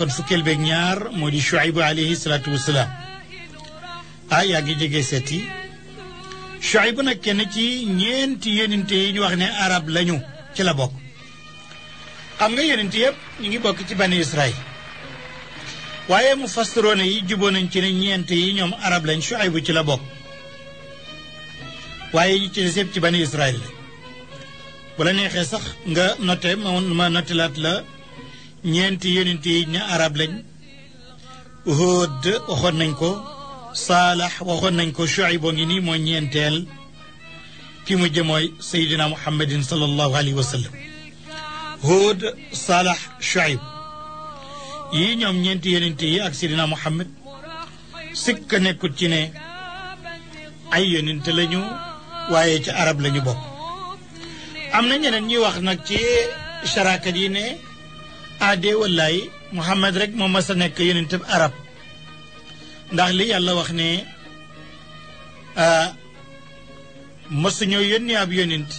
kon fukkeel beeg ñaar moo di Shuaybu alayhi salaatu wasalaam ah yaa ngi jege seet yi Shuaybu nag kenn ci ñeenti yonent yi ñu wax ne arab lañu ci la bokk xam nga yonent yëpp ñu ngi bokk ci bani Israël waaye mu fastaroone yi juboo nañ ci ne ñeent yi ñoom arab lañ Shuaybu ci la bokk waaye ñu ci des yëpp ci bani la bu la neexee sax nga noté ma ma la ñeenti yonent yi ñu arab lañ Huud waxoon nañ ko Saalax waxoon nañ ko Shuayb boo ngi nii mooy ñeenteel ki mu jëmooy Seydina Muhammadin sallallahu alayhi wa sallam Huud Saalax Shuayb yii ñoom ñeenti yonent yi ak Seydina Muhammad sikk nekkut ci ne ay yonent lañu waaye ci arab lañu bokk am na ñeneen ñuy wax nag ci sharaakat aadee wallaay Muhammad rek moo mas a nekk yonentab arab ndax li yàlla wax ne masuñoo yónni ab yonent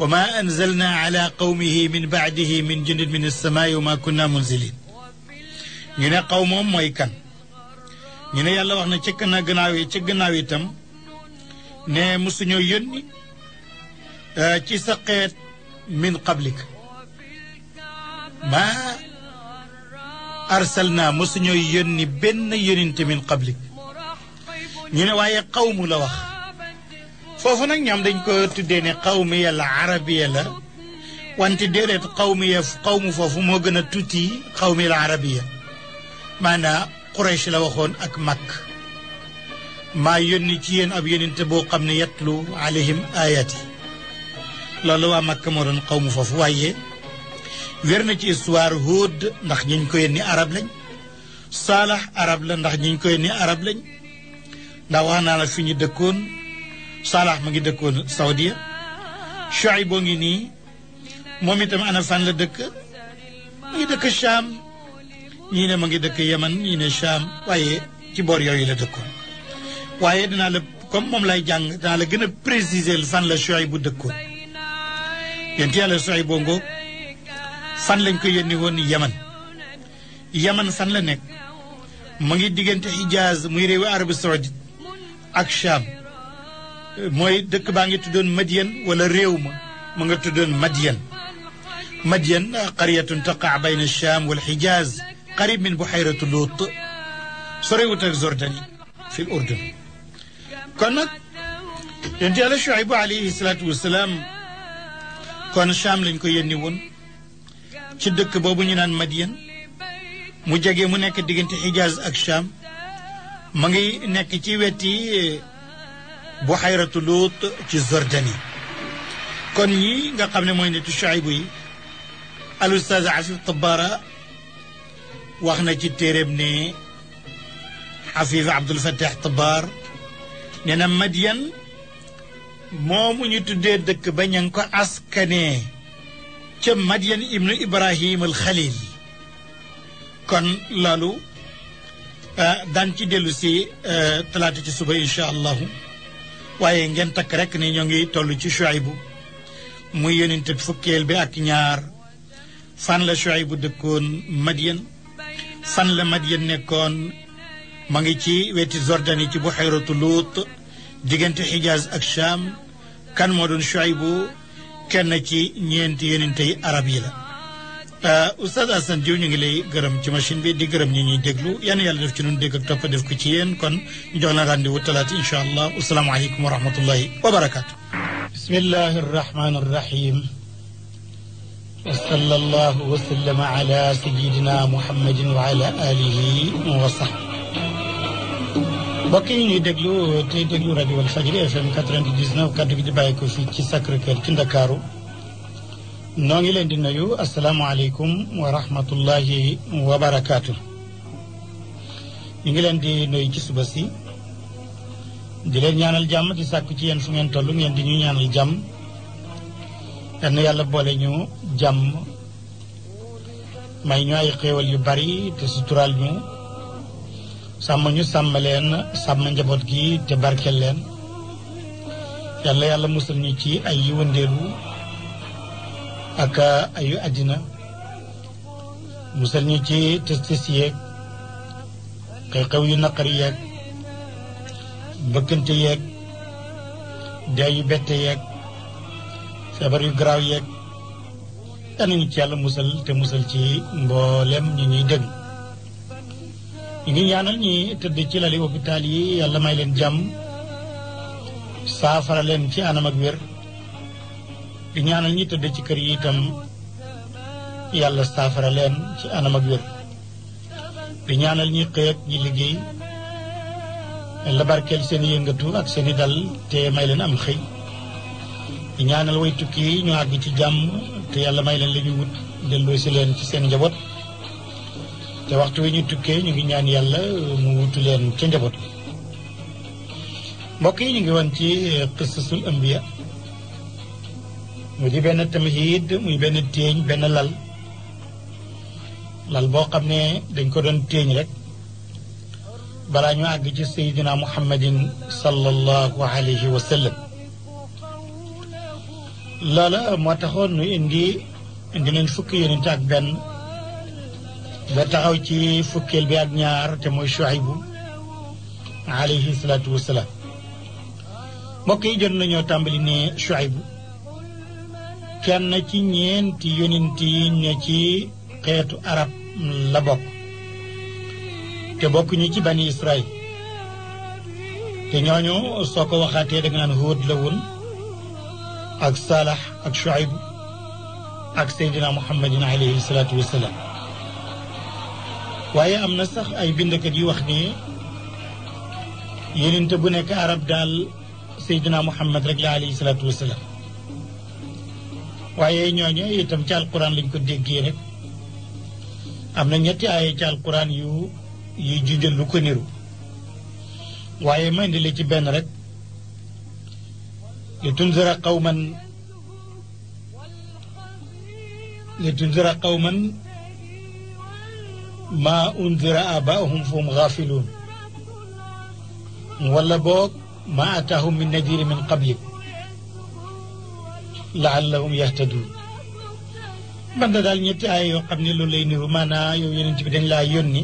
wa ma anzalna ala qawmihi min baadihi min jundin min alsamaai wa ma kunna munzilin ñu ne xaw moom mooy kan ñu ne yàlla wax na ca gannaaw gannaaw yi ca gannaaw itam ne mosuñoo yónni ci sa min qablika ma arsalna mosuñoo yónni benn yóninte min qablik ñu ne waaye xawmu la wax foofu nag ñoom dañ ko tuddee ne xawmiya la arabiya la wante déedéet xawmiya xawmu foofu moo gën a tuuti xawmiya la arabiya maanaa Quraysh la waxoon ak Makk maa yónni ci yéen ab yóninte boo xam ne yatlu alayhim ayati loolu waa Makk moo doon xawmu foofu waaye wér na ci histoire Huud ndax ñu ñiñ ko yónni arab lañ Saalax arab la ndax ñiñ ko yónni arab lañ ndax wax naa la fi ñu dëkkoon Saalax mu ngi dëkkoon Saudiya Shuayb boo ngi nii moom itam ana fan la dëkk mu ngi dëkk Shaam ñii ne ma ngi dëkk Yaman ñii ne Shaam waaye ci boor yooyu la dëkkoon waaye dinaa la comme moom lay jàng dinaa la gën a préciser fan la Shuayb bu dëkkoon yéen yàlla Shuayb boo ngoog fan lañ ko yónni woon yaman yaman fan la nekk mu ngi diggante Hijaaz muy réewu Arabie Saoudite ak Cham mooy dëkk baa ngi tuddoon Madiyan wala réew ma mu nga tuddoon Madiyan Madiyan qaryatun taqa bayna Cham wal Hijaaz qarib min buhayratu Lut sorewut ak Jordani fi l Urdun kon nag yonent Yàlla Shuaybu alayhi salaatu wasalaam kon Cham lañ ko yónni woon ci dëkk boobu ñu naan Madiyan mu jege mu nekk diggante Xijaaz ak Sham ma ngi nekk ci weti eh, Buhayratu Luut ci Jordani kon ñi nga xam ne mooy nitu Shuaybu yi al ustaaz Asil Tabaara wax na ci téeréem ne Xafiif Abdul Fattaax Tabaar nee na Madiyan moomu ñu tuddee dëkk ba ña ngi ko askanee ca madyan ibnu ibrahim al xalil kon loolu euh, daan ci dellusi si euh, talaata ci suba incha allahu waaye ngeen takk rek ni ñoo ngi tollu ci Shuaybu muy yonente fukkeel bi ak ñaar fan la Shuaybu dëkkoon madyan fan la madyan nekkoon ma ngi ci weti Jordani ci buxeeratu Luut diggante Xijaaz ak Shaam kan moo doon Shuaybu kenn ci ñeenti yonente yi arab yi la euh, Oustaz Assane Diouf ñu ngi lay gërëm ci machine bi di gërëm ñi ñuy déglu yan yàlla def ci nun dégg ak topp def ko ci yéen kon ñu jox la rendez-vous talaata incha allah asalaamaaleykum wa rahmatullahi wa barakaatu. bismillahi arrahmani arrahim wa sallallahu wa sallama ala sayidina muhammadin wa ala alihi wa sahbi mbokk yi ñuy déglu tey déglu rajo Walfadjri FM 99 kaddu gi di bàyyi ko fii ci Sacré Cœur ci Ndakaaru noo ngi leen di nuyu asalaamualeykum wa rahmatullahi wa ñu ngi leen di nuyu ci suba si di leen ñaanal jàmm di sàkk ci yenn fu ngeen toll ngeen di ñu ñaanal jàmm yal yàlla boole ñu jàmm may ñu ay xéewal yu bari te suturaal ñu. sàmm ñu sàmm leen sàmm njaboot gi te barkeel leen yàlla yàlla musal ñu ci ay yiwandeelu ak ayu àddina musal ñu ci tës tës yeeg xew-xew yu naqari yeeg bëkkante yeeg dee yu bette yeeg feebar yu garaaw yeeg yal ñu ci yàlla musal te musal ci mboolem ñu ñuy dégg ñu ñaanal ñi tëdd ci lali hôpital yi yàlla may leen jàmm saafara leen ci anam ak wér di ñaanal ñi tëdd ci kër yi itam yàlla saafara leen ci anam ak wér di ñaanal ñi xëy ak ñi liggéey la barkeel seen yëngatu ak seeni i dal te may leen am xëy di ñaanal way tukki ñu àgg ci jàmm te yàlla may leen li wut delloo si leen ci seen njaboot te waxtu wi ñu tukkee ñu ngi ñaan yàlla mu wutu leen ca njaboot bi yi ñu ngi woon ci eh, qisasul ambiya mu di benn tamhiid muy benn téeñ benn lal lal boo xam ne dañ ko doon téeñ rek balaa ñu àgg ci sayyidina muhammadin sallallahu alayhi wa sallam loola moo taxoon nu indi indi leen fukki yonent ak benn ba taxaw ci fukkeel bi ak ñaar te mooy Shuaybu alayhi wasalaam mbokk yi jon nañoo tàmbali ne Shuaybu kenn ci ñeenti yonent yi ne ci xeetu arab la bokk te bokkuñu ci bani Israel te ñooñu soo ko waxaatee da nga naan Huud la woon ak Saalax ak Shuaybu ak Seydina Muhammadin alayhi salaatu waaye am na sax ay bindkat yu wax ne yenente bu nekk arab daal seydina muhammad rek la alayhi salaatu wasalaam waaye ñooñu itam ci alquran lañ ko déggee rek am na ñetti aaye ci alquran yu yuy junjal ko niru waaye ma indi ci benn rek li tunzira qawman li tunzira qawman maa undira abaahum fahum gaafiluun wala boog maa ataahum min nadiri min qablik laallahum yahtaduun man da daal ñetti ay yoo xam ne loolu lay niru yow yonent bi dañ laa yónni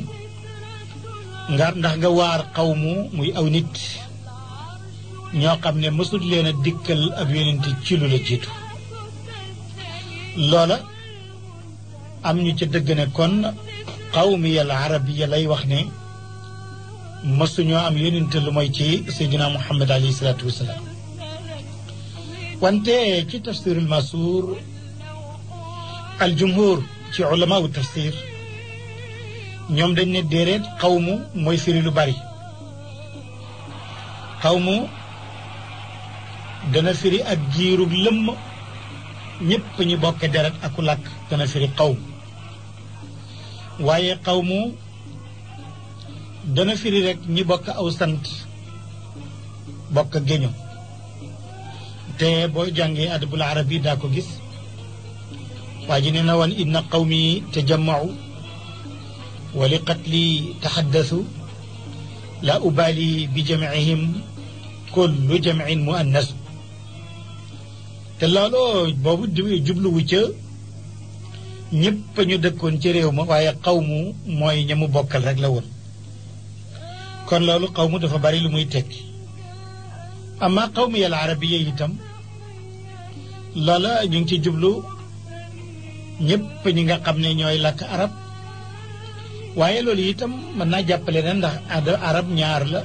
nga ndax nga waar xawmu muy aw nit ñoo xam ne mësul leen a dikkal ab yonent ci lu la jiitu loola am ñu ca dëgg ne kon qawmiya al arabiya lay wax ne mësuñoo am yónninte lu mooy ci seydina muhammad alayhi salaatu wasalaam wante ci tafsir al masuur al jumhur ci ulama tafsir ñoom dañ ne déeréet xawmu mooy firi lu bari xawmu dana firi ak giirug lëmm ñépp ñu bokk deret aku làkk dana firi xawmu waaye xawmu dana firi rek ñi bokk aw sant bokk géño te boo jàngee adabul bi daa ko gis waa ji nee na wan inna qawmi tajammacu wa li qatli taxaddasu la ubaali bi jamcihim kullu jamcin muannas te looloo boobu jubluwu ca ñëpp ñu dëkkoon ci réew ma waaye xaw mu mooy ñamu bokkal rek la woon kon loolu xaw mu dafa bari lu muy tekki amma xaw mu yàlla arabiya tam loola ñu ngi ci jublu ñëpp ñi nga xam ne ñooy làkk arab waaye loolu itam mën naa jàppale ne ndax ada arab ñaar la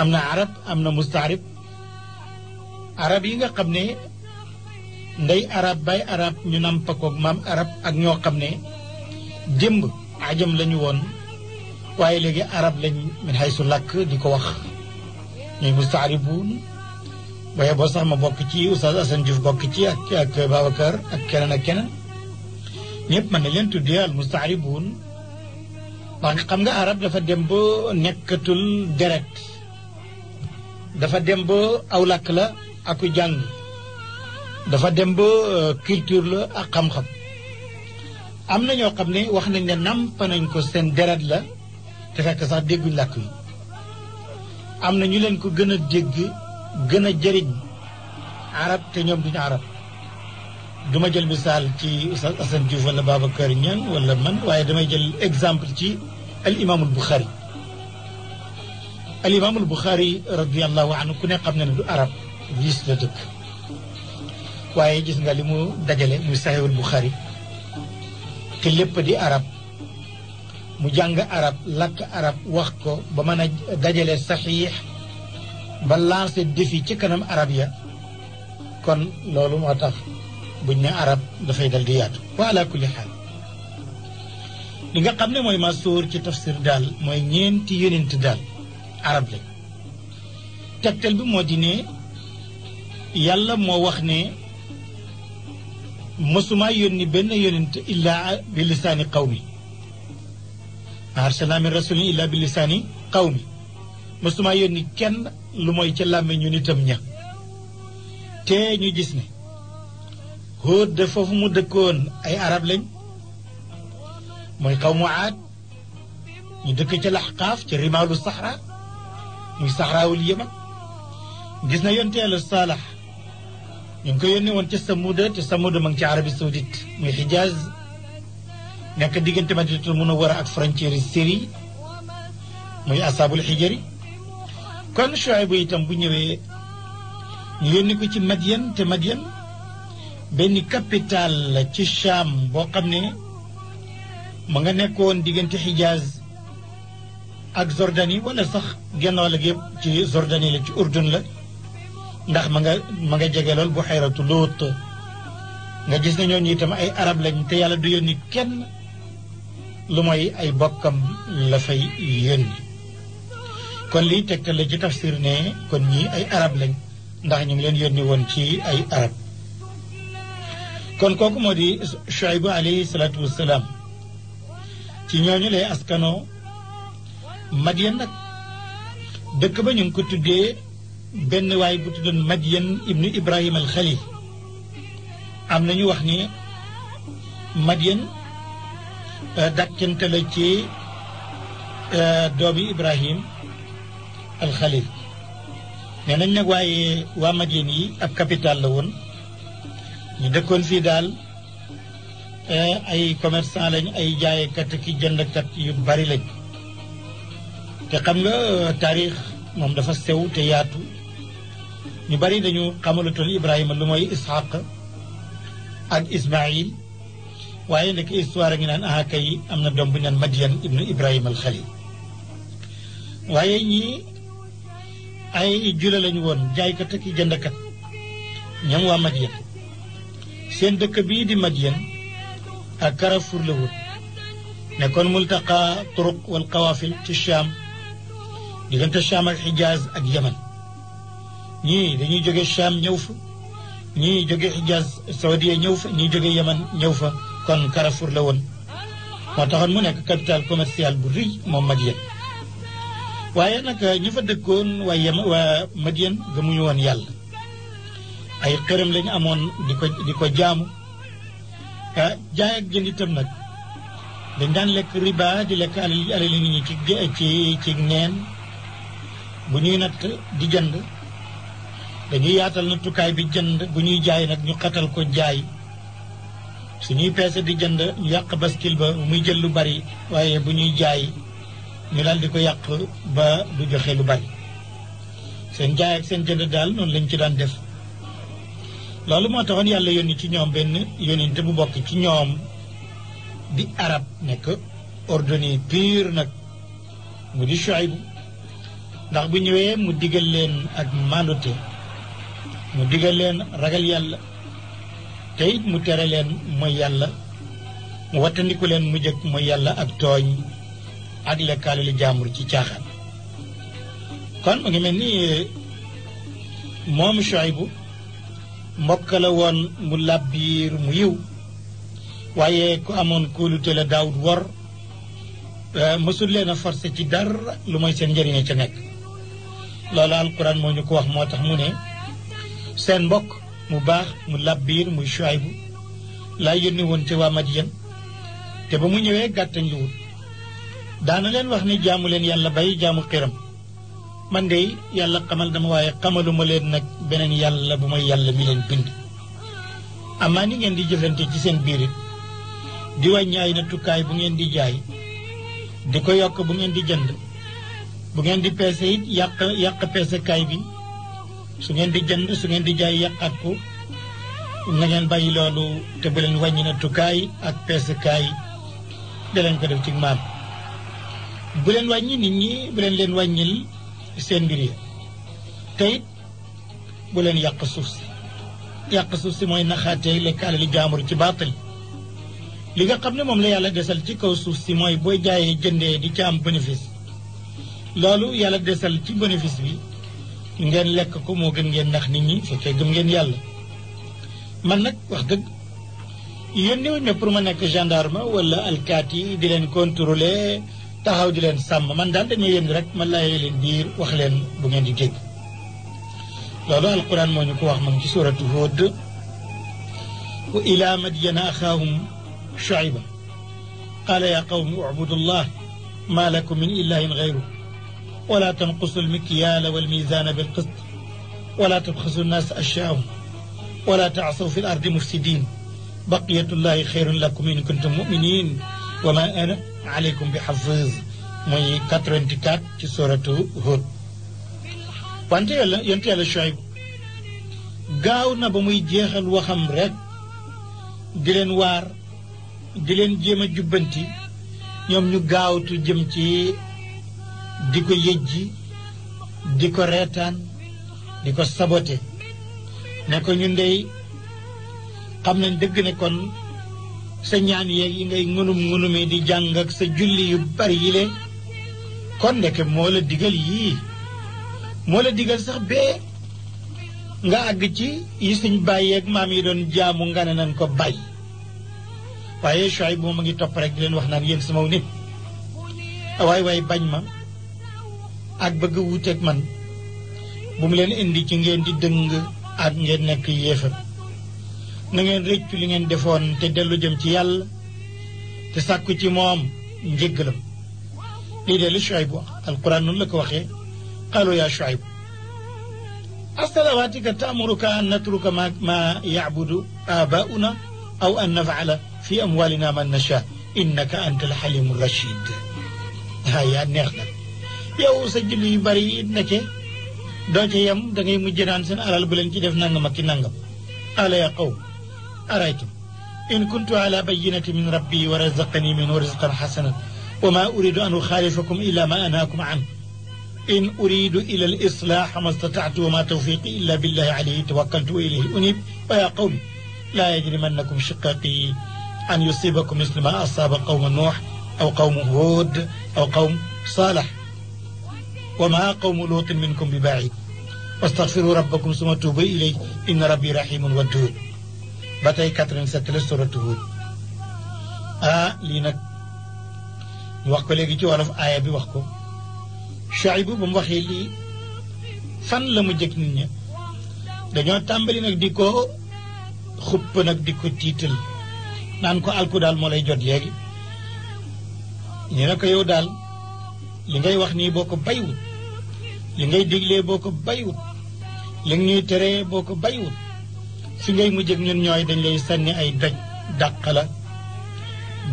am na arab am na mustaarib arab yi nga xam ne ndey arab bay arab ñu nampa ko maam arab ak ñoo xam ne démb ajam la lañu woon waaye léegi arab lañu min xay su làkk di ko wax ñuy mustaaribuun waaye boo sax ma bokk ci Oustaz Assane Diouf bokk ci ak ak Babacar ak keneen ak keneen ñëpp mën na leen tuddee al mustaaribuun ndax xam nga arab dafa dem ba nekkatul deret dafa dem ba aw làkk la aku jàng dafa dem ba euh, culture la ak xam am na ñoo xam ne wax nañ ne nàmp nañ ko seen deret la te fekk sax dégguñ làkk yi am na ñu leen ko gën a dégg gën a jëriñ arab te ñoom duñu arab duma jël misaal ci Oustaz Assane Diouf wala Babacar Niang wala man waaye damay jël exemple ci al imaamul Buxaari al imaamul Buxaari radiyallahu anhu ku ne xam ne ne du arab gis la dëkk waaye gis nga li mu dajale muy bu Buxaari te lépp di arab mu jàng arab lakk arab wax ko ba mën a dajale saxiix ba lancé défi ci kanam arab ya kon loolu moo tax buñ ne arab dafay dal di yaatu wa ala kulli xaal li nga xam ne mooy masuur ci tafsir daal mooy ñeenti yonent daal arab lañ tegtal bi moo di ne yàlla moo wax ne mësumaa yónni benn yónent illaa bi lisaani qawmi ma arsalnaa min rasulin illaa bi lisaani qawmi mosumaa yónni kenn lu mooy ca làmme ñu nitam ña te ñu gis ne Hóod de foofu mu dëkkoon ay arab lañ mooy xawmu aad ñu dëkk ca laxqaaf ca rimaalu saxra muy saxraawul yéman gis na yonte yàlla saalax ñu ngi ko yónnee woon ca Samuda te Samuda ma ngi ci Arabie Saoudite muy Hijaz nekk diggante Madinatul war ak frontière yi Syrie muy asaabul xijari kon Shuaybu itam bu ñëwee ñu yónni ko ci Madian te Madian benn capitale la ci Cham boo xam ne ma nga nekkoon diggante Hijaz ak Jordanie wala sax genn wàll gi yëpp ci Jordanie la ci Urdun la ndax ma nga ma nga jege lool bu xayratu lóot nga gis ne ñooñu itam ay arab lañ te yàlla du yéen yónni kenn lu mooy ay bokkam la fa yónni kon liy tegtal la ci tafsir ne kon ñii ay arab lañ ndax ñu ngi leen yónni woon ci ay arab kon kooku moo di Shuaybu alayhi salaatu wassalaam ci ñooñu lay askano Madyan nag dëkk ba ñu ngi ko tuddee benn waay bu tuddoon yenn ibnu Ibrahim al Khalil am na ñu wax ni Madyan euh, dàkkante la ci euh, doomi Ibrahim al Khalil nee nañ nag waaye waa Madyan yi ab capital la woon ñu dëkkoon fii daal euh, ay commerçant lañ ay jaayekat ki jëndkat yu bari lañ te xam nga taarix moom dafa sew te yaatu ñu bari dañu xamalutoon Ibrahima lu mooy Ishaq ak Ismaïl waaye ndekk histoire ngi naan aha am na doom bu ñu naan Madian ibnu Ibrahima al Xalil waaye ñii ay jula lañu woon jaaykat ak jëndkat ñoom waa Madian seen dëkk bii di Madian ak Carrefour la woon nekkoon multaqa turuq wal qawaafil ci Cham diggante Cham ak Xijaaz ak Yaman ñii dañuy jóge Cham ñëw fa ñii jóge Hijaz Saudiya ñëw fa ñii jóge Yaman ñëw fa kon Carrefour la woon moo taxoon mu nekk capital commercial bu rëy moom Madiane waaye nag ñi fa dëkkoon waa Yaman waa Madiane gëmuñu woon yàlla ay xërëm lañu amoon di ko di ko jaamu a ah, jaay ak nag dañ daan lekk riba di lekk alal alal nit ñi ci ci ci neen bu ñuy natt di jënd dañuy yaatal nattukaay bi jënd bu ñuy jaay nag ñu xatal ko jaay suñuy peese di jënd ñu yàq baskil ba muy jël lu bari waaye bu ñuy jaay ñu daal di ko yàq ba du joxe lu bari seen jaay ak seen jënd daal noonu lañ ci daan def loolu moo taxoon yàlla yónni ci ñoom benn yónninte bu mbokk ci ñoom di arab nekk ordonné pur nag mu di Shuayb ndax bu ñëwee mu digal leen ak mandute mu digal leen ragal yàlla te mu tere leen mooy yàlla mu wattandiku leen mu jëkk mooy yàlla ak tooñ ak lekkaale li jàmbur ci caaxaan kon mu ngi mel ni moom Shuaybu bu la mu làbbiir mu yiw waaye ku amoon kóolute la daawut wor mësul leen a forcé ci dara lu mooy seen njëriñe ca nekk loolu alquran moo ñu ko wax moo tax mu ne seen mbokk mu baax mu labbiir muy Shuaybu laa yónni woon ci waa Madiyan te ba mu ñëwee gàttañ lu wut daana leen wax ni jaamu leen yàlla bay jaamu xiram man de yàlla xamal dama waaye xamaluma leen nag beneen yàlla bu may yàlla mi leen bind amaa ni ngeen di jëflante ci seen biir di wàññi ay nattukaay bu ngeen di jaay di ko yokk bu ngeen di jënd bu ngeen di peese it yàq yàq peesekaay bi su ngeen di jënd su ngeen di jaay yàqaat ko na ngeen bàyyi loolu te bu leen wàññi nattukaay ak peesukaay da leen ko def ci maam bu leen wàññi nit ñi bu leen leen wàññil seen mbir yi te bu leen yàq suuf si yàq suuf si yi naxaatee lekk alali jaamur ci baatal li nga xam ne moom la yàlla desal ci kaw suuf si mooy booy jaayee jëndee di ci am bénéfice loolu yàlla desal ci bénéfice bi ngeen lekk ko moo gën ngeen nax nit ñi fekkee gëm ngeen yàlla man nag wax dëgg yónniwuñ ma pour ma nekk gendarme wala alkaati di leen contrôler taxaw di leen sàmm man daal dañuy yéen rek ma laayee leen biir wax leen bu ngeen di dégg loolu alquran moo ñu ko wax ma ci suratu Hud wa ila madyana axaahum shuayba qaala ya qawmi ubudu ma lakum min ilahin gayruh ولا تنقصوا المكيال والميزان بالقسط ولا تبخسوا الناس أشياءهم ولا تعصوا في الأرض مفسدين بقية الله خير لكم إن كنتم مؤمنين وما أنا عليكم بحفظ muy 84 ci soratu Hud wante yàlla yent yàlla Shuayb gaaw na ba muy jeexal waxam rek di leen waar di leen jéem a jubbanti ñoom ñu gaawtu jëm ci di ko ji di ko reetaan di ko sabote ne ko ñun dey xam nañ dëgg ne kon sa ñaan yeeg yi ngay ngunum ngunumee di jàng ak sa julli yu bari yile kon ndeke moo la digal yii moo la digal sax bee nga àgg ci yi suñ bàyyeeg maam yi doon jaamu nga ne nañ ko bàyyi waaye Shuayb moom a ngi topp rek di leen wax naan yéen samaw nit waay waay bañ ma ak bëgg wuuteeg man bu mu leen indi ci ngeen di dëng ak ngeen nekk yéefar na ngeen li ngeen defoon te dellu jëm ci yàlla te sàkku ci moom njéggalam lii dee li Shuayb wax alquran noonu la ko waxee qaalu yaa Shuayb asalawaatika taamuruka an natruka ma ma yacbudu aabauna aw an nafcala fi amwaalina man nasha innaka anta alxalimu rachid yaa neex na yow sa julli yu bari yi nekke doo ca yem da ngay mujj naan seen alal bu leen ci def nangam ak ki nangam ala ya qaw araytum in kuntu ala bayyinati min rabbi wa razaqani min rizqan xasanan wa ma uridu an uxaalifakum illa ma anhaakum an in uridu ila al islaax ma statactu wa ma tawfiqi illa billahi alayhi tawakkaltu wa ilayhi unib wa ya qawmi laa yajrimannakum shiqaaqi an yusibakum mislu ma asaaba qawma nuux aw qawmu huud aw qawm saalax wa maa qawmu luutin minkum bi baid wastaxfiru rabbakum suma tuuba ilayhi inna rabbi rahimun waduud ba tey 87 la suratu Huud ah lii nag wax ko léegi ci wolof aaya bi wax ko Shuaybu ba mu waxee lii fan la mu jëkk nit ña dañoo tàmbali nag di ko xupp nag di ko tiital naan ko alku daal moo lay jot léegi ñu ne ko yow daal li ngay wax nii boo ko baywut li ngay digle boo ko baywut li nga ñuy teree boo ko baywut fi ngay mujj ak ñun ñooy dañ lay sànni ay doj dàq la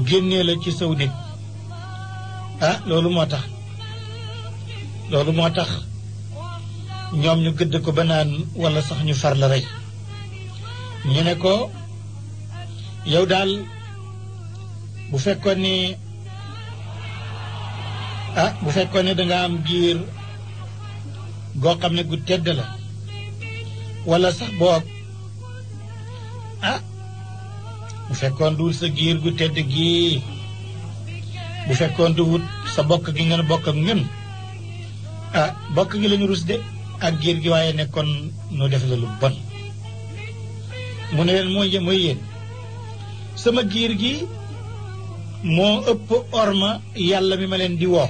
génnee la ci saw nit ah loolu moo tax loolu moo tax ñoom ñu gëdd ko ba naan walla sax ñu far la rey ñu ne ko yow daal bu fekkoon ne ah bu fekkoon ne danga am giir goo xam ne gu tedd la wala sax boog ah bu fekkoon du sa giir gu tedd gii bu fekkoon du wut sa bokk gi ngeen bokk ak ñun a ah, bokk gi lañu rus de ak giir gi waaye nekkoon nu def la lu bon mu ne leen mooy mooy yéen sama giir gi moo ëpp orma yàlla mi ma leen di woo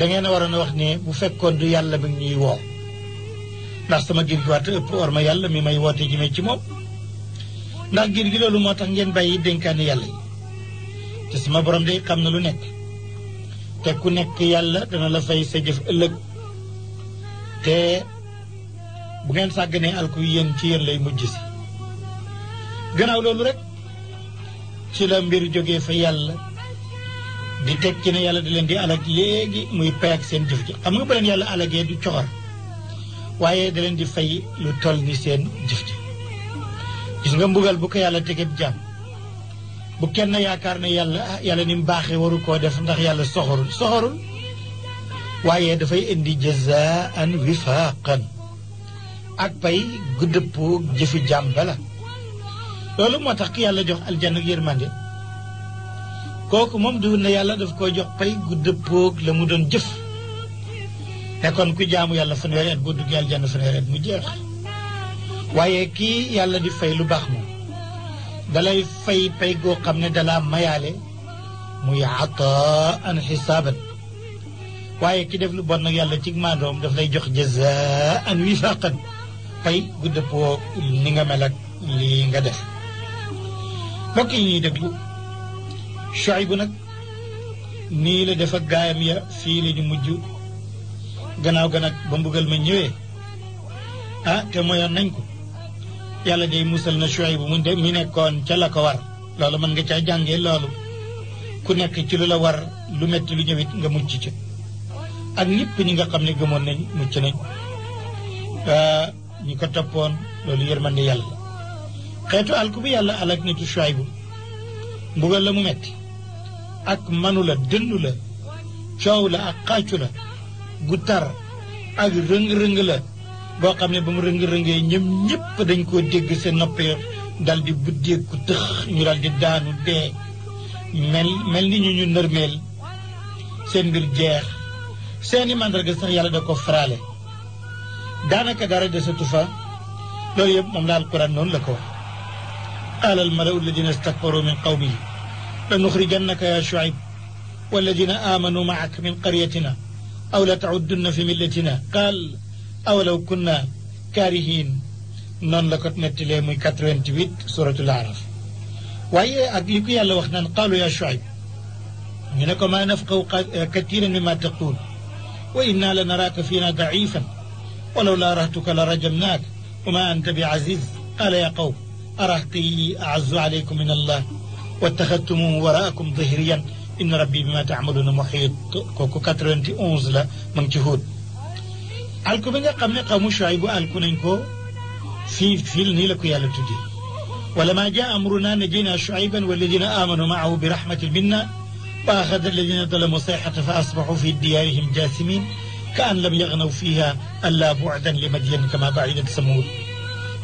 da ngeen a waroon a wax ne bu fekkoon du yàlla mi ñuy woo ndax sama giir gi waat ëpp or ma yàlla mi may woote jëme ci moom ndax giir gi loolu moo tax ngeen bàyyi dénkaani yàlla yi te sama borom de xam na lu nekk te ku nekk yàlla dana la fay sa jëf ëllëg te bu ngeen sàgg sàgganee alku yéen ci yéen lay mujj si gannaaw loolu rek ci la mbir jóge fa yàlla di teg ci ne yàlla di leen di alag léegi muy pay ak seen jëf ji am nga ba leen yàlla alagee du coxar waaye da leen di fay lu toll ni seen jëf ji gis nga mbugal bu ko yàlla teget jàmm bu kenn yaakaar ne yàlla yàlla ni baaxe baaxee waru koo def ndax yàlla soxorul soxorul waaye dafay indi jazaan wifaqan ak pay gu dëppoo jëfi jàmm bala loolu moo tax ki yàlla jox aljanna ak yërmande kooku moom duwul ne yàlla daf koo jox pay gu dëppoog la mu doon jëf kon ku jaamu yàlla fanweeri at boo dugg yàlla jànn fanweeri at mu jeex waaye kii yàlla di fay lu baax moom dalay fay pay goo xam ne dalaa mayaale muy ataan xisaaban waaye ki def lu bon nag yàlla ci maandoom daf lay jox jazaan wifaaqan pay gu dëppoo ni nga mel ak nga def mbokk yi ñuy déglu Shuayb nag nii la defa ak gaayam ya fii la mujj gannaaw ga nag ba mbugal ma ñëwee ah te moyoon nañ ko yàlla day musal na Shuayb mu de mi nekkoon ca la ko war loolu mën nga caa jàngee loolu ku nekk ci lu la war lu metti lu ñëwit nga mucc ci ak ñëpp ñi nga xam ne gëmoon nañ mucc nañ ah, ñi ko toppoon loolu yërmande yàlla xeetu alku bi yàlla alak nitu Shuayb mbugal la mu metti ak manu la dënnu la coow la ak xàccu la gu tar ak rëng-rëng la boo xam ne ba mu rëng-rëngee ñëm ñëpp dañ koo dégg seen nopp dal di buddeeku tëx ñu dal di daanu dee mel mel ni ñu ñu nërmeel seen mbir jeex seeni màndarga sax yàlla da ko faraale daanaka dara desatu fa loolu yëpp moom la alquran noonu la ko wax qaala almalaa'u alladina istakbaru min qawmihi لنخرجنك يا شعيب والذين آمنوا معك من قريتنا أو لتعدن في ملتنا قال أولو كنا كارهين noonu la ko nettalee muy 88 suratul araf waaye ak li ko yàlla wax naan qaalu yaa Shuayb ñu ne ko maa nafqahu katiiran mimmaa taquul wa innaa la naraaka fiinaa daciifan walaw laa rahtuka la rajamnaak wa maa anta bi aziiz qaala yaa qawm arahtii aazzu alaykum min allah wattaxadtumuhu waraakum zahriyan inna rabbi bi ma taamaluuna muxiit kooku 91 la ma ngi ci Huud alku bi nga xam ne xamu Shuayb bu alku nañ ko fii fii nii la ko yàlla tuddi ولما جاء أمرنا نجينا شعيبا والذين آمنوا معه برحمة منا وأخذ الذين ظلموا صيحة فأصبحوا في ديارهم جاثمين كأن لم يغنوا فيها ألا بعدا لمدين كما بعدت ثمود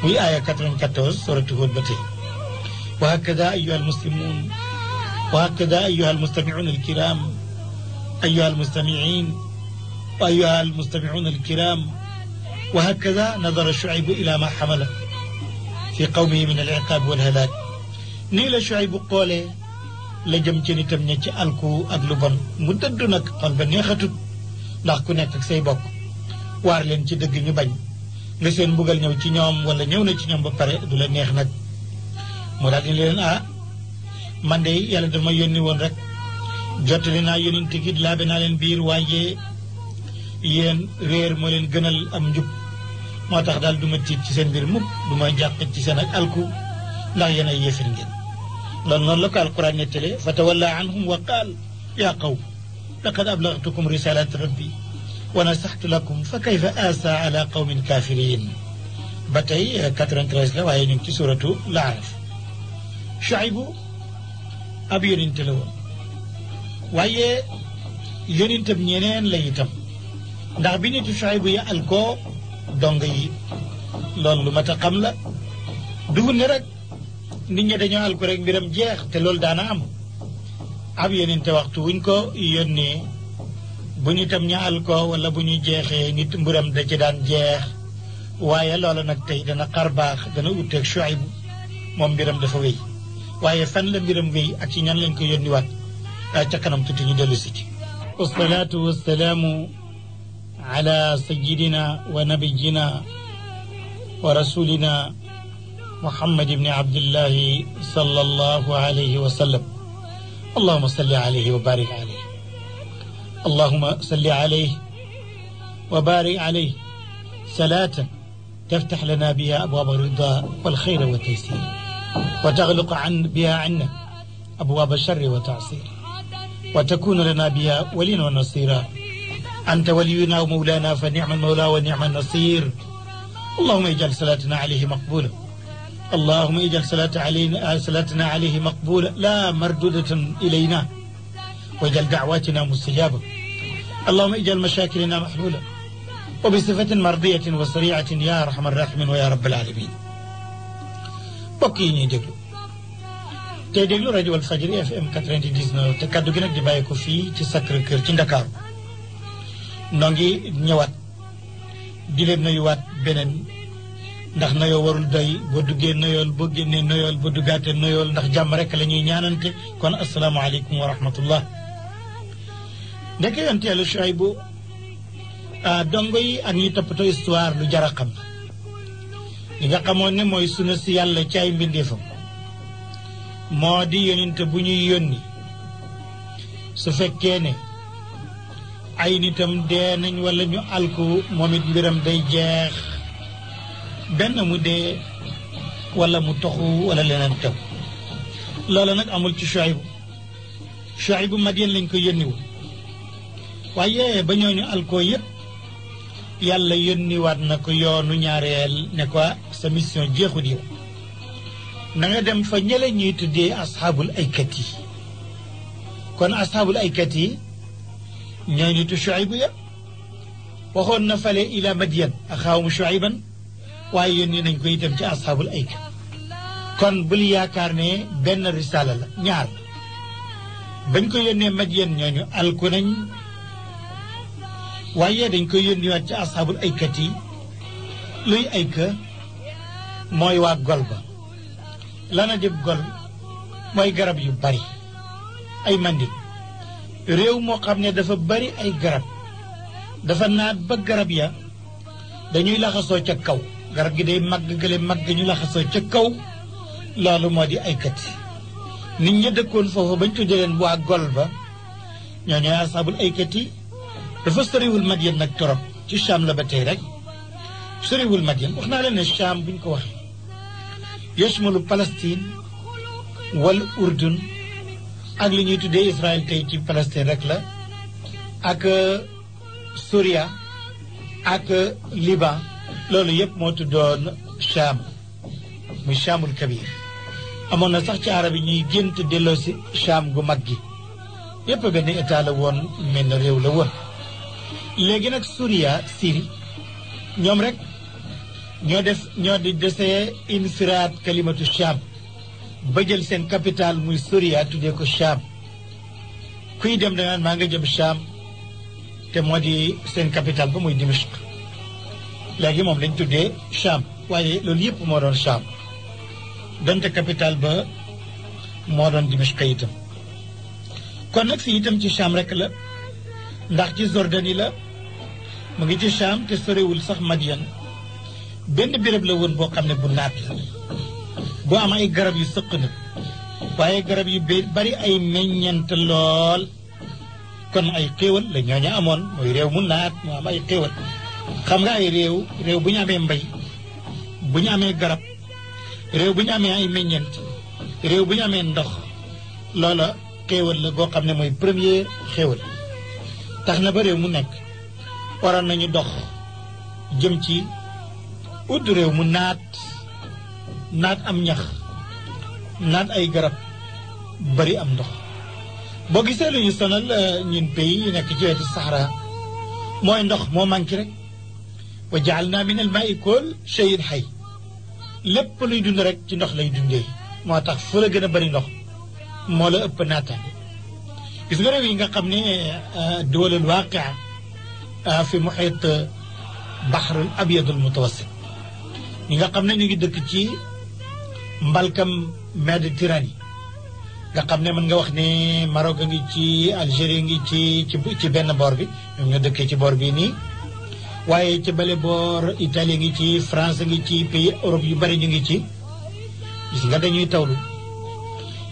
وآية 94 سورة هود بتي وهكذا أيها المسلمون وهكذا أيها المستمعون الكرام أيها المستمعين وأيها المستمعون الكرام وهكذا نظر شعيب إلى ما حمله في قومه من العقاب والهلاك nii la Shuayb xoolee la jëm ci nitam ña ci alku ak lu bon mu dëddu nag xol ba neexatut ku nekk ak say bokk waar leen ci dëgg ñu bañ nga seen mbugal ñëw ci ñoom wala ñëw na ci ñoom ba pare du la neex nag moo daal dina leen ah man de yàlla dama yónni woon rek jottali naa yónent gi laabe naa leen biir waaye yéen réer moo leen gënal am njub moo tax daal du ma tiit ci seen mbir mukk du ma jàq ci seen ak alku ndax yéen ay yéefir ngeen loolu noonu la ko alquran nettale fa tawalla anhum wa qaal yaa qaw laqad ablagtukum risalat rabbi wa nasaxtu lakum fa kayfa asa ala qawmin kafirin ba tey 93 la waaye ñu ngi ci suratu laaraf Shuaybu ab yonent la woon waaye yonentam ñeneen la itam ndax bi nitu bu ya alkoo dong yi loolu lu mat a xam la dugub ne rek nit ñi dañoo al rek mbiram jeex te loolu daana am ab yonente waxtu wuñ ko yónnee bu ñu tam ñu al wala bu ñuy jeexee nit mbiram da ci daan jeex waaye loola nag tey dana xarbaax dana utteeg Shuaybu moom mbiram dafa wéy waaye fan la mbiram wéy ak ci ñan lañ ko yónniwaat ah, ca kanam tuuti ñu dellu si ci wasalaatu wasalaamu ala sayidina wa nabiyina wa rasulina muhammad ibni abdillahi sallallahu alayhi wa sallam allahuma salli alayhi wa barik alayhi allahuma salli alayhi wa barik alayhi salaatan taftax lana biha abwaaba rida walxayra wa taysir وتغلق عن بها عنا أبواب الشر والتعسير وتكون لنا بها وليا ونصيرا أنت ولينا ومولانا فنعم المولى ونعم النصير اللهم اجعل صلاتنا عليه مقبولة اللهم اجعل صلاة علينا صلاتنا عليه مقبولة لا مردودة إلينا واجعل دعواتنا مستجابة اللهم اجعل مشاكلنا محلولة وبصفة مرضية وسريعة يا أرحم الراحمين ويا رب العالمين mbokk yi ñuy déglu tey déglu rajo Walfadjri FM 99 te kaddu gi nag di bàyyi ko fii ci Sacré kër ci Ndakaaru noo gi ñëwaat di leen nuyuwaat beneen ndax nayoo warul doy boo duggee nuyool boo génnee nuyool boo duggaatee nuyool ndax jàmm rek la ñuy ñaanante kon asalaamaaleykum wa rahmatullah ndeke yonteelu Shuaybu ah, dongo yi ak ñi toppatoo histoire lu jar a li nga xamoon ne mooy sunu si yàlla caay ay ko moo di yonent bu ñuy yónni su fekkee ne ay nitam dee nañ wala ñu alku moom it mbiram day jeex benn mu dee walla mu toxu wala leneentam tam loola nag amul ci Shuayb Shuayb Madyan lañ ko yónni woon waaye ba ñooñu alkoo yëpp yàlla yónniwaat na ko yoonu ñaareel ne ko sa mission jeexut yow na nga dem fa ñële ñuy tuddee ay aykat yi kon asxaabul aykat yi ñoo nitu Shuaybu ya waxoon na fale ila Madyan axaawum Shuayban waaye yónni nañ ko itam ci asxaabul aykat kon bul yaakaar ne benn risaala la ñaar bañ ko yónnee Madyan ñooñu alku nañ waaye dañ koy yónniwaat ci asaabul aykat yi luy kë mooy waa gol ba lana dib gol mooy garab yu bari ay mandi réew moo xam ne dafa bari ay garab dafa naat ba garab ya dañuy laxasoo ca kaw garab gi day màgg gële màgg ñu laxasoo ca kaw loolu moo di ay aykat nit ña dëkkoon foofu bañ tuddee leen waa gol ba ñoo ñooy asaabul aykat yi dafa soriwul Madian nag torop ci Cham la ba tey rek soriwul Madian wax naa leen ne Cham buñ ko waxee yashmalu Palestine wal Urdun ak li ñuy tuddee Israël tey ci Palestine rek la ak euh, Suria ak euh, Liban loolu yëpp moo tuddoon Cham muy Chamul Kabir amoon na sax ci arab yi ñuy gént delloo si Cham gu mag gi yëpp benn état la woon mel na réew la woon léegi nag Suria Syrie ñoom rek ñoo des ñoo di desee insiraat kalimatu Sham ba jël seen capital muy Suria tuddee ko Sham kuy dem danaan maa nga jëm Sham te moo di seen capital ba muy Dimashq léegi moom lañ tuddee Sham waaye loolu yëpp moo doon Sham donte capital ba moo doon Dimashq itam kon nag si itam ci Sham rek la ndax ci Jordani la mu ngi ci Cham te sorewul sax Madian benn béréb la woon boo xam ne bu naat la boo am ay garab yu sëq na waaye garab yu bari ay meññeent lool kon ay xéewal la ñooñu amoon mooy réew mu naat mu am ay xéewal xam nga ay réew réew bu ñu amee mbay bu ñu amee garab réew bu ñu amee ay meññeent réew bu ñu amee ndox loola xéewal la goo xam ne mooy premier xéewal tax na ba réew mu nekk waroon nañu dox jëm ci ut réew mu naat naat am ñax naat ay garab bari am ndox boo gisee lu ñu sonal euh, ñun pays yi nekk ci wetu Sahara mooy ndox moo manqué rek wa jaal naa min al maa'i kull shay'in lépp luy dund rek ci ndox lay dundee moo tax fu la gën a bari ndox moo la ëpp naataan gis nga réew yi nga xam ne euh, duwalul waaqia euh, fi muhiit euh, baxrul abyadul mutawasit ñi nga xam ne ñu ngi dëkk ci mbalkam méditerranée nga xam ne mën nga wax ne Maroc ngi ci Algérie ngi ci ci benn boor bi ñoom ñoo dëkkee ci boor bi nii waaye ci bale boor Italie ngi ci France ngi ci pays Europe yu bari ñu ngi ci gis nga dañuy tawlu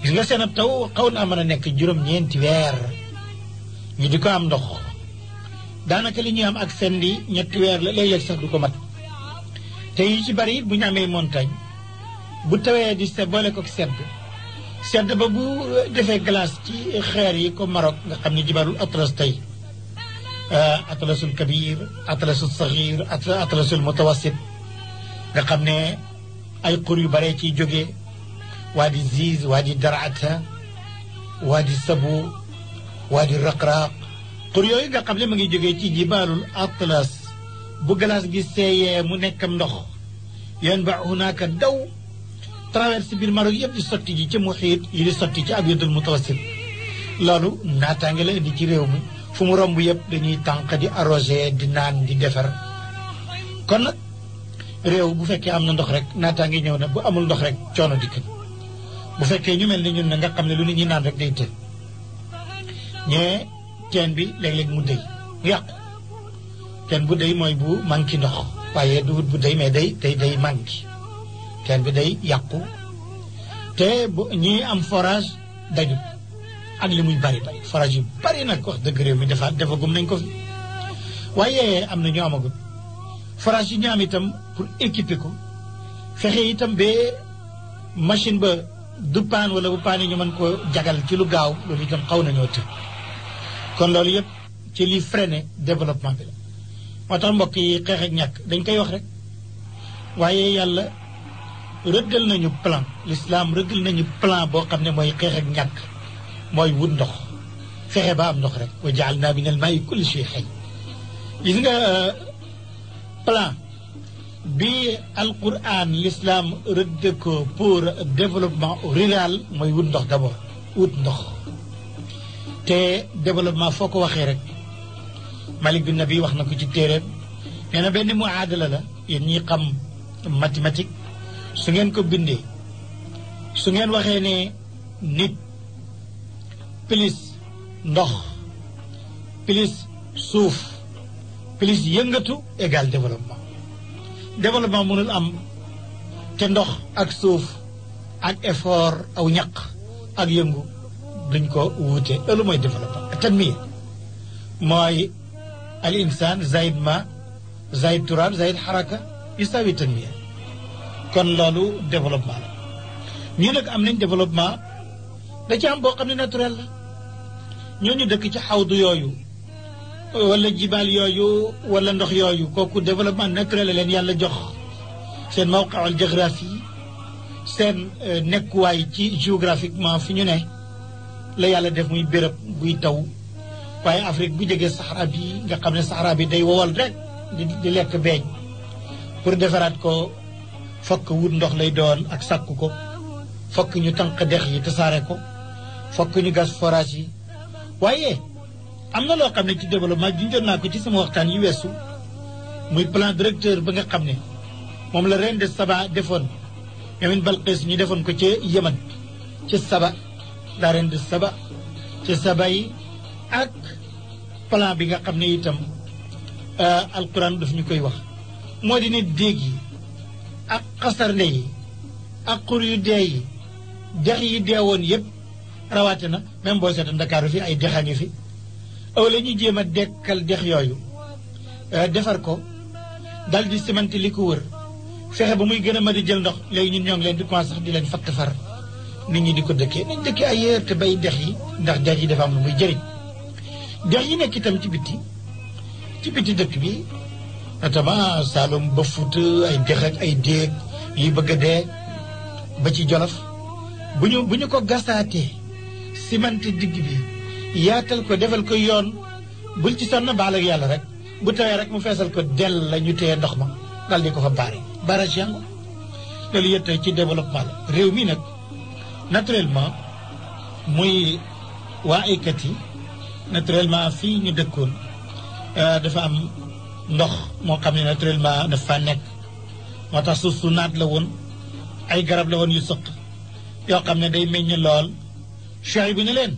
gis nga seen ab taw xaw naa mën a nekk juróom-ñeenti weer ñu di ko am ndox daanaka li ñuy am ak seen li ñetti weer la léeg-léeg sax du ko mat te yu ci bari bu ñu amee bu tawee di se ko sedd sedd ba bu defee glace ci xeer yi ko Maroc nga xam ne jibalul atlas tey euh, atlasul kabir atlasul saxir atlasul mutawasit nga xam ne ay xur yu bare ci jóge waa waadi ziiz waadi waa waadi sabu waadi raqraq tur yooyu nga xam ne ma ngi jógee ci jibaalul atlas bu glace gi seeyee mu nekkam ndox yoon ba hunaaka daw traversé si Maroc yëpp di sotti ji ci muxiit yi di sotti ci abyadul mutawassit loolu naataange la indi ci réew mi fu mu romb yëpp dañuy tànq di arrosé di naan di defar kon nag réew bu fekkee am na ndox rek naataange ñëw na bu amul ndox rek coono dikk bu fekkee ñu mel ni na nga xam ne lu nit ñi naan rek day të ñee teen bi léeg-léeg mu dëy mu yàqu bu dëy mooy bu manqué ndox waaye du bu dëy mais day day day manqué teen bi day yàqu te bu ñii am forage dajut ak li muy bari bari forage yu bari nag wax dëgg mi defaat defagum nañ ko fi waaye am na ñu amagum forage yu ñu am itam pour équiper ko fexe itam ba machine ba du paan wala bu paan yi ñu mën koo jagal ci lu gaaw loolu itam xaw nañoo të kon loolu yëpp ci li freiné développement bi la moo tax mbokk yi xeex ñàkk dañ koy wax rek waaye yàlla rëggal nañu plan lislaam rëggal nañu plan boo xam ne mooy xeex ak mooy wut ndox fexe ba am ndox rek wa jaal naa minal maa'i kulli shay hayy nga euh, plan bi alquran l'islam rëdd ko pour développement rural mooy wut ndox d'abord wut ndox te développement foo ko waxee rek Malik bi Nabi wax na ko ci téeréem nee na mu muaadala la yéen ñi xam mathématique su ngeen ko bindee su ngeen waxee ne nit plus ndox plus suuf plus yëngatu égal développement développement mu mënul am te ndox ak suuf ak effort aw ñaq ak yëngu duñ ko wuute loolu mooy développement tanmiya mooy al insaan zaid ma zaid turab zaid xaraka yusawi tanmiya kon loolu développement la ñu nag am nañ développement da ci am boo xam ne naturel la ñooñu dëkk ci xawdu yooyu wala jibal yooyu wala ndox yooyu kooku développement naturel leen yàlla jox seen mawqiwal géographie seen euh, nekkuwaay ci géographiquement fi ñu ne la yàlla def muy béréb buy taw waaye Afrique bu jegee Sahara yi nga xam ne Sahara yi day wowal rek di lekk beeñ pour defaraat ko fokk wut ndox lay doon ak sàkku ko fokk ñu tànq dex yi tasaare ko fokk ñu gas forage yi waaye am na loo xam ne ci développement junjoon naa ko ci sama waxtaan yi weesu muy plan directeur ba nga xam ne moom la reine de Saba defoon Yamin Balqis ñu defoon ko ca Yemen ca Saba la reine de Saba ca sabay ak plan bi nga xam ne itam euh, alquran daf ñu koy wax moo di ne déeg yi ak xasarnde yi ak xur yu dee yi dex yi woon yëpp rawaate na même boo seetan ndakaaru fi ay dexaa ngi fi wala ñu jéem a dekkal dex yooyu euh, defar ko dal di simante li ko wër fexe ba muy gën a mën di jël ndox léegi ñun ñoo ngi leen di commencé di leen fatt far nit ñi di ko dëkkee nañ dëkkee ailleurs te bay dex yi ndax dex yi dafa am muy jëriñ dex yi nekk itam ci bitti ci bitti dëkk bi notamment Saloum ba Fuuta ay dex ak ay déeg yi bëgg a dee ba ci Jolof bu ñu bu ñu ko gasaatee simante digg bi yaatal ko defal ko yoon bul ci sonn baal yàlla rek bu tawee rek mu feesal ko dell la ñu téye ndox ma dal ko fa baare barrage yango loolu yëpp ci développement réew mi nag naturellement muy waa aykat yi naturellement fii ñu dëkkoon euh, dafa am ndox moo xam ne naturellement dafa nekk moo tax suuf su naat la woon ay garab la woon yu sëq yoo xam ne day meññ lool choix yi bu ne leen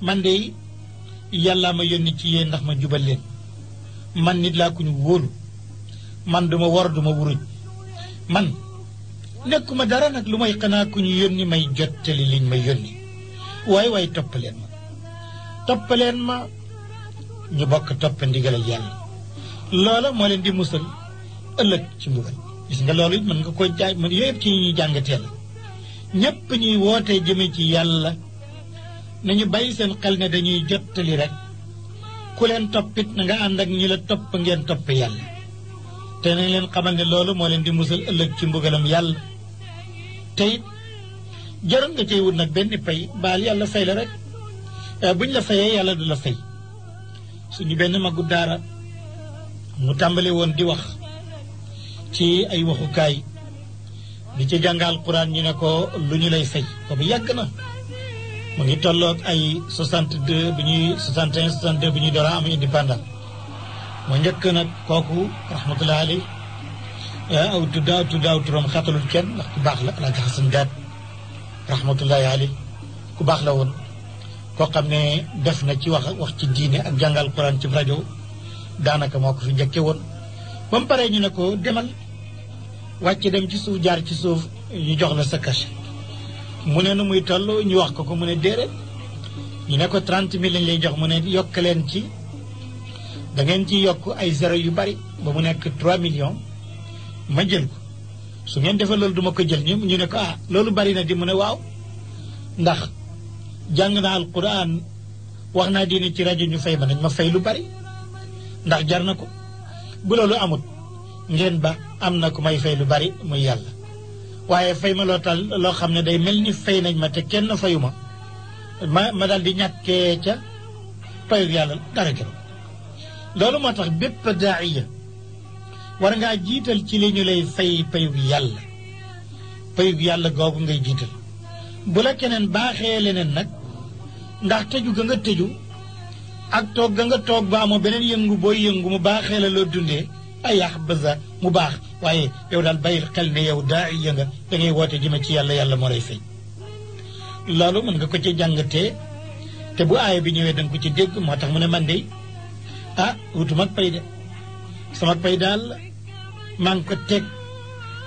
man de yàllaa ma yónni ci yéen ndax ma jubal leen man nit laa ku ñu wóolu man duma war duma wuruj man nekkuma dara nag lu may xanaa ku ñu yónni may jottali liñ ma yónni waaye waaye toppaleen ma toppaleen ma ñu bokk topp ndigalal yàlla loola moo leen di musal ëllëg ci mbugal gis nga loolu mën nga ko jaay mën yooyu yëpp ci ñuy jàngatee la ñépp ñuy woote jëme ci yàlla nañu bàyyi seen xel ne dañuy jottali rek ku leen toppit na nga ànd ak ñi la topp ngeen topp yàlla te nañ leen xamal ne loolu moo leen di musal ëllëg ci mbugalam yàlla te it nga cay wut nag benn pay baal yàlla fay la rek eh, buñ la fayee yàlla du la fay suñu benn magu daara mu tàmbali woon di wax ci ay waxukaay di ci jàngal quran ñu ne ko lu ñu lay fay boobu yàgg na moo ngi tolloog ay 62 bi ñuy 61 62 bi ñuy dora am indépendant mu njëkk nag kooku rahmatulah ali eh, aw tudda aw tudda aw turam xatalul kenn ndax ku baax la alaaji xasan jaat ku baax la woon koo xam ne def na ci wax wax ci diine ak jàngal quran ci rajo daanaka moo ko fi njëkke woon ba mu paree ñu ne ko demal wàcc dem ci suuf jaar ci suuf ñu jox la sa cachet mu ne nu muy toll ñu wax ko ko mu ne déedéet ñu ne ko trente mille lañ lay jox mu ne yokk leen ci da ngeen ci yokk ay zéro yu bari ba mu nekk trois million ma jël ko su ngeen defee loolu duma ko jël ñu ñu ne ko ah loolu bari na di mu ne waaw ndax jàng naa alquran wax naa diine ci rajo ñu fay ma nañ ma fay lu bari ndax jar na ko bu loolu amut ngeen ba am na ku may fay lu bari muy yàlla waaye fay ma loo tal loo xam ne day mel ni fay nañ ma te kenn fayu ma ma ma daal di ñàkkee ca payug yàlla dara kenn loolu moo tax bépp daaiya war ngaa jiital ci li lay fay payug yàlla payug yàlla googu ngay jiital bu la keneen baaxee leneen nag ndax tëju ga nga tëju ak toog ga nga toog ba amoo beneen yëngu boo yëngu mu baaxee la loo dundee ay yax mu baax waaye yow daal bay xel ne yow daa yënga nga woote jëme ci yàlla yàlla moo lay fay loolu mën nga ko ci jàngatee te bu aaya bi ñëwee da nga ko ci dégg moo tax mu ne man de ah wutuma ak pay de sama pay daal maa ngi ko teg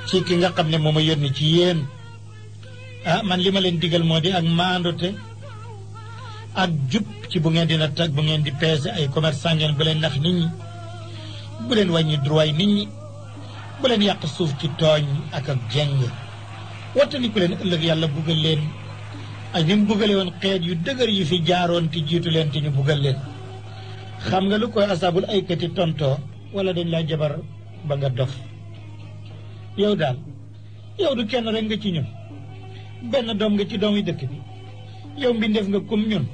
ci kii nga xam ne moo ma yónni ci yéen ah man li ma leen digal moo di ak maandute ak jub ci bu ngeen di natt ak bu ngeen di peese ay commerçant bu leen nax nit ñi bu leen wàññi droit nit ñi bu leen yàq suuf ci tooñ ak ak jeng wattaniku leen ëllëg yàlla buggal leen ak ni mu bugale woon xeet yu dëgër yi fi jaaroon ti jiitu leen te ñu buggal leen xam nga lu koy asaabul aykati tontoo wala dañ laa jabar ba nga dof yow daal yow du kenn rek nga ci ñun benn doom nga ci yi dëkk bi yow mbindeef nga kum ñun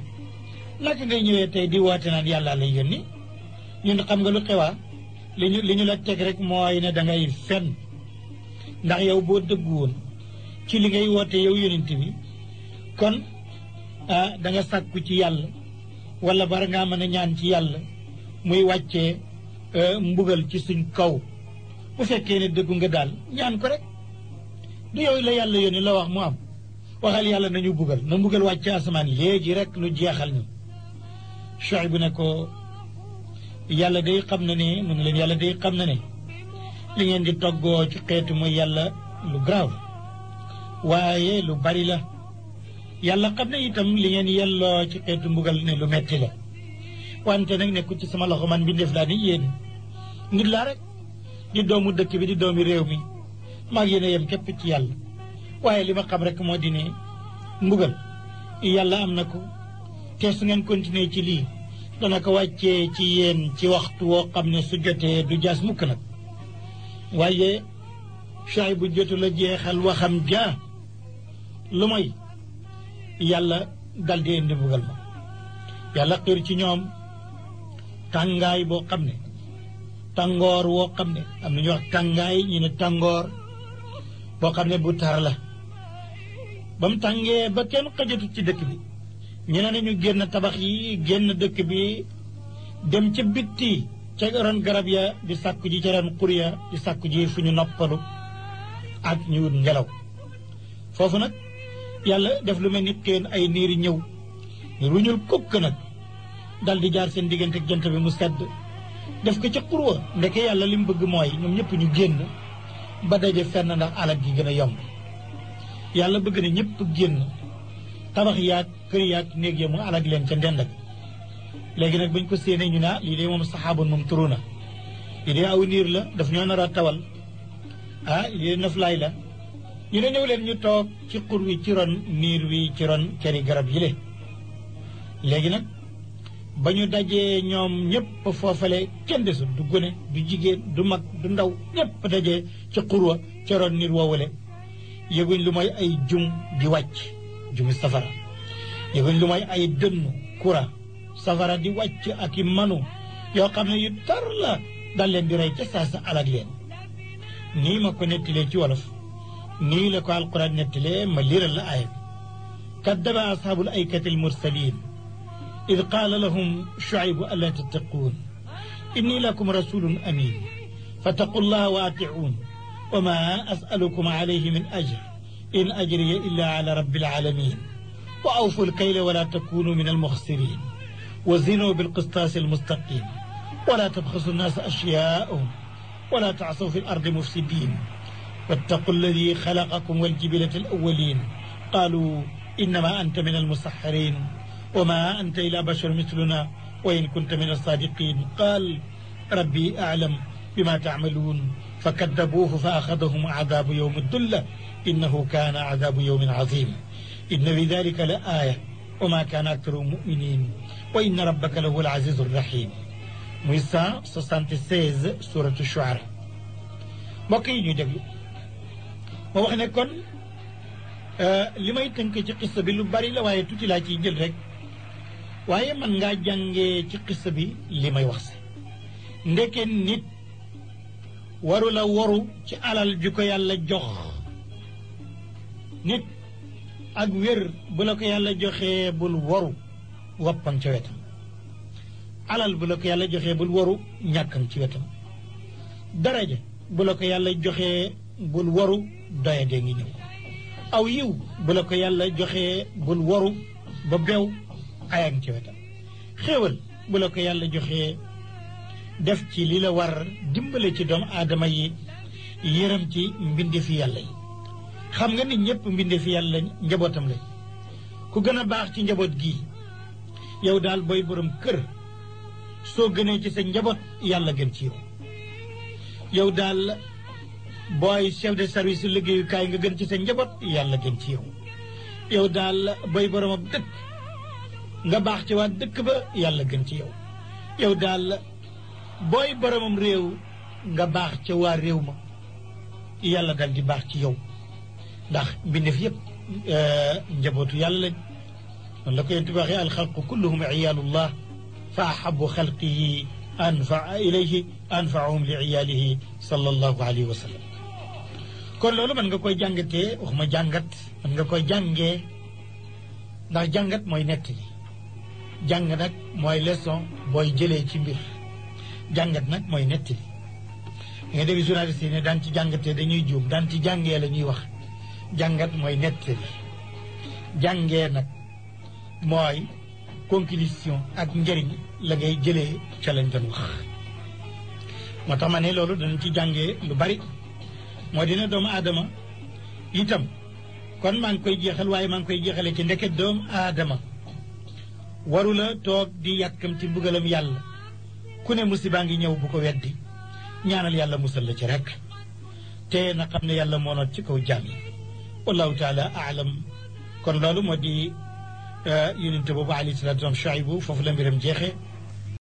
naka ngay ñëwee tey di woote naan yàlla lay yónni ñun xam nga lu xewaa li ñu li la teg rek mooy ne da ngay fen ndax yow boo dëggu woon ci li ngay woote yow yonent bi kon ah da sàkku ci yàlla wala bara ngaa mën ñaan ci yàlla muy wàcce eh, mbugal ci suñ kaw bu fekkee ne dëggu nga daal ñaan ko rek du yow la yàlla yónni la wax mu am waxal yàlla nañu bugal na mbugal wàcce asamaan léegi rek nu jeexal ñu Shuayb bu ne ko yàlla day xam na ne mun leen yàlla day xam na ne li ngeen di toggoo ci xeetu mooy yàlla lu garaaw waaye lu bari la yàlla xam na itam li ngeen yelloo ci xeetu mbugal ne lu metti la wante nag nekkul ci sama loxo man bi def daal di yéen nit laa rek di doomu dëkk bi di doomi réew mi maa ngi yéen a yem képp ci yàlla waaye li ma xam rek moo di ne mbugal yàlla am na ko te su ngeen continuer ci lii dana ko wàccee ci yéen ci waxtu woo xam ne su jotee du jaas mukk nag waaye saay bu jotu la jeexal waxam jaa lu mooy yàlla dal di indi mbugal ma yàlla xiir ci ñoom tàngaay boo xam ne tàngoor woo xam ne am na ñu tàngaay ñu ne tàngoor boo xam ne bu tar la ba mu tàngee ba kenn xajatu ci dëkk bi ñu ne nañu génn tabax yi génn dëkk bi dem ca bitti ca ron garab ya di sàkku ji ca ron xur ya di sàkku ji fu ñu noppalu ak ñu wut ngelaw foofu nag yàlla def lu mel ni teen ay yi ñëw ru ñul kukk nag dal di jaar seen diggante jant bi mu sedd def ko ca xur wa ndeke yàlla li mu bëgg mooy ñoom ñëpp ñu génn ba daje fenn ndax alal gi gën a yomb yàlla bëgg na ñëpp génn tabax yaag kër yaag néeg ya mu alag leen ca ndend ak léegi nag buñ ko séenee ñu naa lii de moom saxaabun moom turu na lii de aw niir la daf ñoo nar tawal ah lii de noflaay la ñu ne ñëw ñu toog ci xur wi ci ron niir wi ci ron keri garab yi le léegi nag ba ñu dajee ñoom ñëpp foofale kenn desul du gone du jigéen du mag du ndaw ñëpp dajee ci xurwa ci ron niir woowale yëguñ lu mooy ay jum di wàcc jublu safara yëguñ may ay dënn kura safara di wàcc ak i manu yoo xam di rey sa alag nii ma ko nettalee ci wolof nii la ko alquran nettalee ma liiral la aaya bi kaddaba ashaabul aykati id qaala lahum shuaybu alaa tattaquun inni lakum rasulun amin fattaqu llaha wa atiuun wa ma min ajr in ajriya illa ala rabbil alamin wa awfu alkayla wala takunu min almuxsirin wa zinu bilqistaas almustaqim wala tabxasu nnaasa ashyaahum wala taasaw fi lardi mufsidin wattaqu alladi xalaqakum waljibilata alawalin qaalu innama anta min almusaxarin وما أنت إلا بشر مثلنا وإن كنت من الصادقين قال ربي أعلم بما تعملون fa kaddabuuhu fa axadahum aadaabu yowmi dulla innahu kaana aadaabu yowmin aziim inna fi dalika la aaya wa maa kaana aktaruhum muminin wa inna rabbaka la huwa al azizu rahim muy 176 suratu Shuara mbokk yi ñuy déglu moo wax ne kon euh, li may tënk ci xissa bi lu bari la waaye tuuti laa ciy jël rek waaye man ngaa jàngee ci xissa bi li may wax si ndekkee nit warula waru ci alal ju ko yàlla jox nit ak wér bu ko yàlla joxe bul waru woppam ca wetam alal bu la ko yàlla joxe bul waru ñàkkam ci wetam daraja bu la ko yàlla joxee bul waru doyadee ngi ñëw aw yiw bu ko yàlla joxe bul waru ba bew ayam ca wetam xéewal bu ko yàlla joxe def ci li la war dimbale ci doom aadama yi yërëm ci fi yàlla yi xam nga ni ñëpp fi yàlla njabootam lañ ku gën a baax ci njaboot gii yow daal booy borom kër soo gënee ci sa njaboot yàlla gën ci yow yow daal booy chef de service liggéeyukaay nga gën ci sa njaboot yàlla gën ci yow yow daal booy borom ab dëkk nga baax ci waa dëkk ba yàlla gën ci yow yow daal booy boromam réew nga baax ca waa réew ma yàlla dal di baax ci yow ndax mbindeef yëpp euh, njabootu yàlla lañ noonu la ko yonent bi waxee alxalqu kulluhum iyaalullah fa ahabu xalqihi anfaa ilayhi li iyaalihi sallallahu alayhi wa kon loolu mën nga koy jàngatee waxuma jàngat mën nga koy jàngee ndax jàngat mooy nett li jàng nag mooy leçon booy jëlee ci mbir jàngat nag mooy nettali nga dégg ne daan ci jàngatee dañuy juum daan ci jàngee la ñuy wax jàngat mooy nettali jàngee nag mooy conclusion ak njëriñ la ngay jëlee ca lañ doon wax. moo tax ma ne loolu danañ ci jàngee lu bari moo dina doomu aadama itam kon maa ngi koy jeexal waaye maa ngi koy jeexalee ci ndeket doomu aadama waru la toog di yàkkamti bugalam yàlla. ku ne musiba ngi ñëw bu ko weddi ñaanal yàlla musal la ci rek te na xam ne yàlla moo noot ci kaw jaam yi wallahu taala aalam kon loolu moo di euh, yonente boobu alayhi salaatu wa salaam Shuaybu foofu la mbiram jeexe